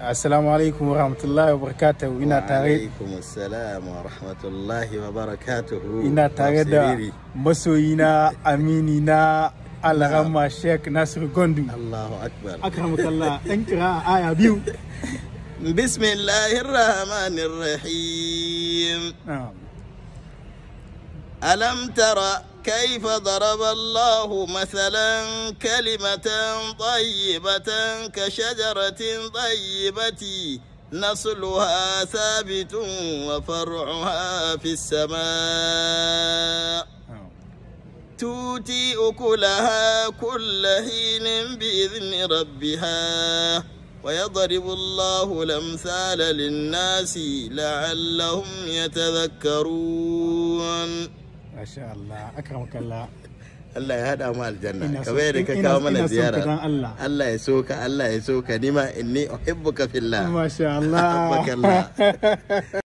السلام عليكم ورحمة الله وبركاته وإنا تاري عليكم السلام ورحمة الله وبركاته إنا تاري دا مسوينا أمينينا الرحمة شيخ ناصر قندو الله أكبر أكرمك الله انكرا آية بيو بسم الله الرحمن الرحيم نعم. ألم ترى كيف ضرب الله مثلا كلمة طيبة كشجرة طيبة نصلها ثابت وفرعها في السماء تؤتي أكلها كل حين بإذن ربها ويضرب الله الأمثال للناس لعلهم يتذكرون masha Allah Allah ya haɗa mu aljanna kamar yadda ka kawo mana ziyara Allah ya so ka Allah ya so ka nima inni uhibbuka fillah masha Allah